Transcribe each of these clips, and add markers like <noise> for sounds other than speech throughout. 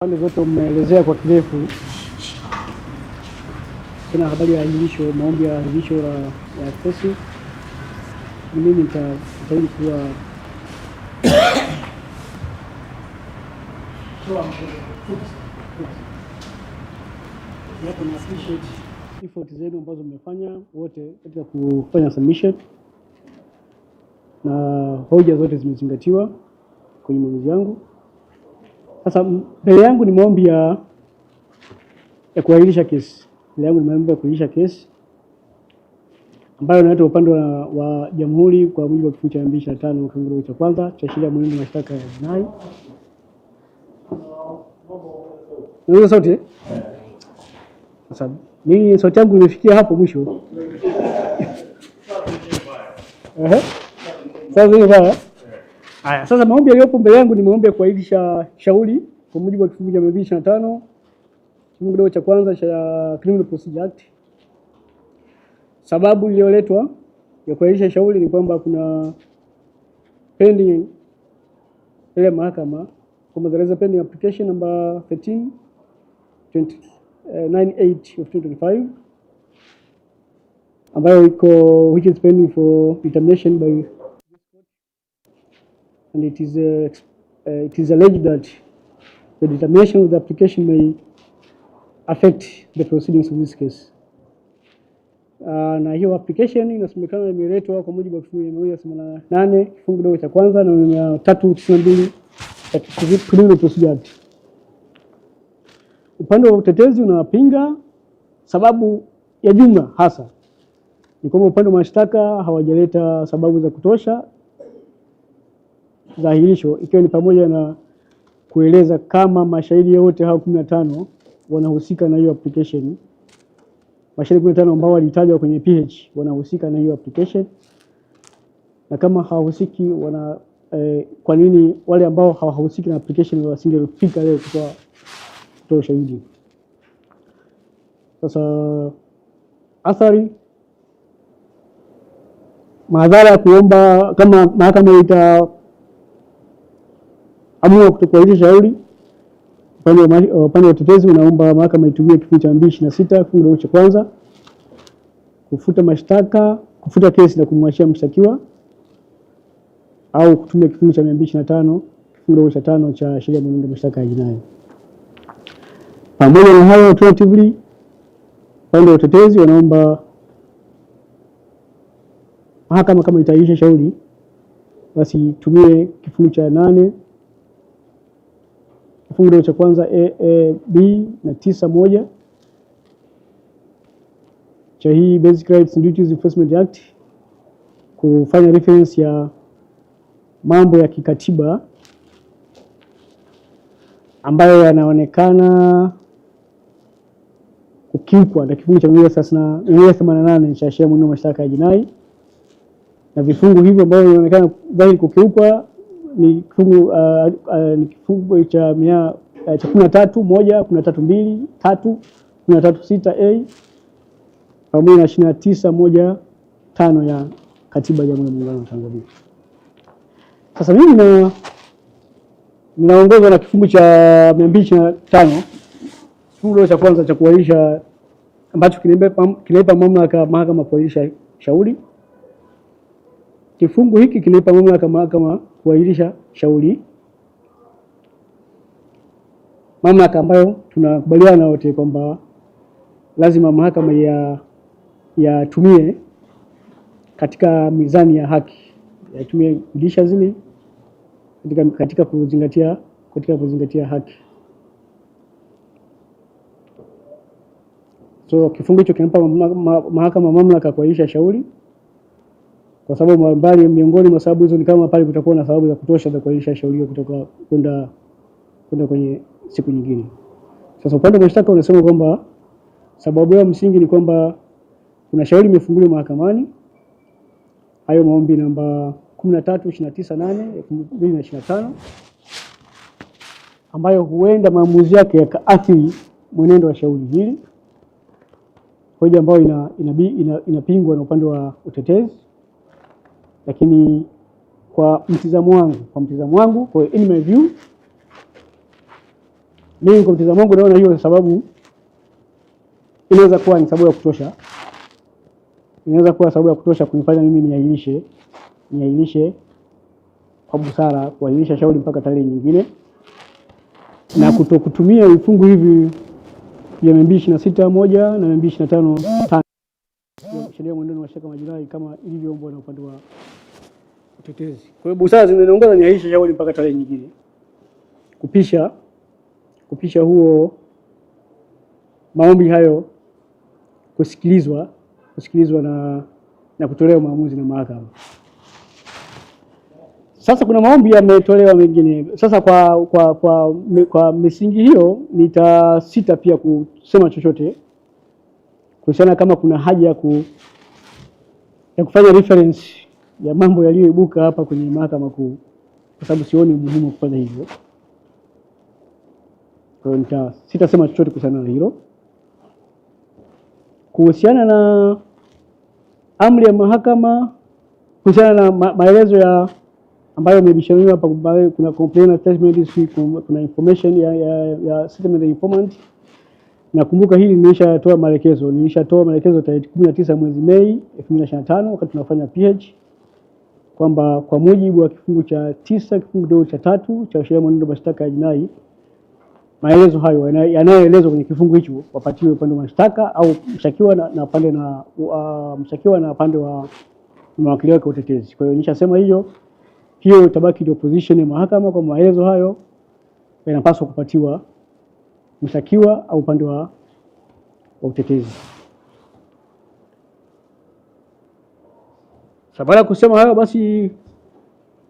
Pande zote mmeelezea kwa kirefu tena habari ya ahirisho, maombi ya ahirisho la kesi. Mimi nitajitahidi kuwa effort zenu ambazo mmefanya wote katika kufanya submission, na hoja zote zimezingatiwa kwenye maamuzi yangu. Sasa mbele yangu ni maombi ya, ya kuahirisha kesi. Mbele yangu ni maombi ya kuahirisha kesi ambayo inaletwa upande wa jamhuri kwa mujibu wa kifungu cha mia mbili ishirini na tano kifungu cha kwanza cha sheria ya mashtaka ya jinai. Unaweza sauti? Eh? Sasa mimi sauti yangu imefikia hapo mwisho. <laughs> Eh? Sasa hivi baya. Aya. sasa maombi yaliyopo mbele yangu ni maombi ya kuahirisha shauri kwa mujibu wa kifungu cha 225 kifungu kidogo cha kwanza cha Criminal Procedure Act. Sababu iliyoletwa ya kuahirisha shauri ni kwamba kuna pending ile mahakama kwa there pending application number 13 98 eh, of 2025 ambayo iko which is pending for determination by and it is, uh, it is alleged that the determination of the application may affect the proceedings of this case. Uh, na hiyo application inasemekana imeletwa kwa mujibu wa kifungu mia moja themanini na nane kifungu kidogo cha kwanza na mia tatu tisini na mbili cha Criminal Procedure Act. Upande wa utetezi unapinga sababu ya jumla hasa ni kwamba upande wa mashtaka hawajaleta sababu za kutosha dhahirisho ikiwa ni pamoja na kueleza kama mashahidi yote hao kumi na tano wanahusika na hiyo application. Mashahidi kumi na tano ambao walitajwa kwenye PH wanahusika na hiyo application, na kama hawahusiki wana eh, kwa nini wale ambao hawahusiki na application wasingefika leo kutoa kutoa ushahidi? Sasa athari madhara ya kuomba kama mahakama ita amua kutokuwa hili shauri. Uh, upande wa utetezi unaomba mahakama itumie kifungu cha 226 kifungu kidogo cha kwanza kufuta mashtaka, kufuta kesi na kumwachia mshtakiwa au kutumia kifungu cha 225 kifungu kidogo cha tano cha sheria ya mwenendo mashtaka ya jinai. Pamoja na hayo, alternatively upande wa utetezi wanaomba mahakama kama itaiisha shauri basi tumie kifungu cha nane Kifungu kidogo cha kwanza a, a, b na tisa moja cha hii Basic Rights and Duties Enforcement Act kufanya reference ya mambo ya kikatiba ambayo yanaonekana kukiukwa na kifungu cha mia cha sheria mwenendo mashtaka ya jinai na vifungu hivyo ambavyo vinaonekana dhahiri kukiukwa ni kifungu uh, uh, ni kifungu cha mia uh, cha kumi na tatu moja kumi na tatu mbili tatu kumi na tatu sita a pamoja na ishirini na tisa moja tano ya Katiba ya Jamhuri ya Muungano wa Tanzania. Sasa mimi na ninaongozwa na kifungu cha mia mbili ishirini na tano kifungu cha kwanza cha kuahirisha ambacho kinaipa mamlaka mahakama kuahirisha shauri Kifungu hiki kinaipa mamlaka mahakama kuahirisha shauri, mamlaka ambayo tunakubaliana wote kwamba lazima mahakama ya yatumie katika mizani ya haki, yatumie dirisha zile katika, katika, kuzingatia, katika kuzingatia haki. So kifungu hicho kinampa mahakama mamlaka kuahirisha shauri kwa sababu mbali, miongoni mwa sababu hizo ni kama pale kutakuwa na sababu za kutosha za kuahirisha shauri hilo kutoka kwenda kwenda kwenye siku nyingine. Sasa upande wa mashtaka unasema kwamba sababu ya msingi ni kwamba kuna shauri imefunguliwa mahakamani, hayo maombi namba 13298 2025 ambayo huenda maamuzi yake yakaathiri mwenendo wa shauri hili, hoja ambayo inapingwa ina, ina, ina na upande wa utetezi lakini kwa mtizamo wangu, kwa mtizamo wangu, kwa in my view, mimi kwa mtizamo wangu naona hiyo sababu inaweza kuwa ni sababu ya kutosha, inaweza kuwa sababu ya kutosha kunifanya mimi niahirishe, niahirishe kwa busara, kuahirisha shauri mpaka tarehe nyingine na kutokutumia vifungu hivi vya mia mbili ishirini na sita moja na mia mbili ishirini na tano tano sheria mwenendo mashtaka majirai kama ilivyoombwa na upande wa utetezi. Kwa hiyo busara ni aisha shauri mpaka tarehe nyingine, kupisha kupisha huo maombi hayo kusikilizwa kusikilizwa na, na kutolewa maamuzi na mahakama. Sasa kuna maombi yametolewa mengine. Sasa kwa, kwa, kwa, kwa misingi hiyo nitasita pia kusema chochote kuhusiana kama kuna haja ya, ku, ya kufanya reference ya mambo yaliyoibuka hapa kwenye mahakama kuu, kwa sababu sioni umuhimu wa kufanya hivyo. Kwa sitasema chochote kuhusiana na hilo. Kuhusiana na amri ya mahakama, kuhusiana na ma maelezo ya ambayo imebishaniwa hapa, kuna complaint statement, kuna information ya, ya, ya statement informant Nakumbuka hili nilishatoa maelekezo, nilishatoa maelekezo tarehe 19 mwezi Mei 2025 wakati tunafanya PH kwamba kwa mujibu wa kifungu cha tisa kifungu kidogo cha tatu cha sheria mwenendo mashtaka ya jinai, maelezo hayo yanayoelezwa kwenye kifungu hicho wapatiwe upande wa mashtaka au mshtakiwa na, na pande na uh, mshtakiwa na pande wa mawakili wake utetezi. Kwa hiyo nishasema hiyo hiyo, itabaki ndio position ya mahakama kwa maelezo hayo yanapaswa kupatiwa mshtakiwa au upande wa utetezi. Sasa baada ya kusema hayo, basi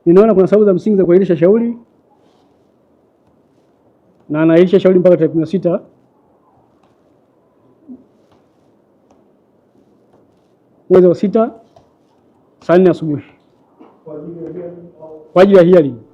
ninaona kuna sababu za msingi za kuahirisha shauri na anaahirisha shauri mpaka tarehe kumi na sita mwezi wa sita saa nne asubuhi kwa ajili ya hearing.